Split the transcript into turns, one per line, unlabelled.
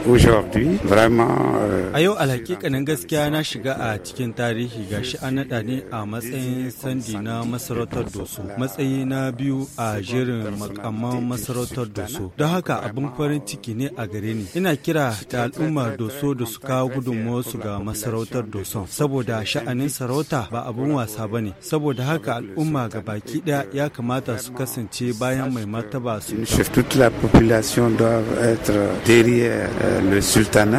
Euh, a
yau alhakikanin gaskiya na shiga a cikin tarihi gashi an naɗa ne a matsayin sandi na masarautar Doso, matsayi na biyu a jerin makamman masarautar Doso. Don haka abin farin ciki ne a gare ni. Ina kira da al'ummar Doso da su kawo su ga masarautar Doso, saboda sha'anin sarauta ba abin wasa ba ne. Saboda haka al'umma ga baki ɗaya ya kamata su kasance bayan mai martaba su.
Euh,
le sultanat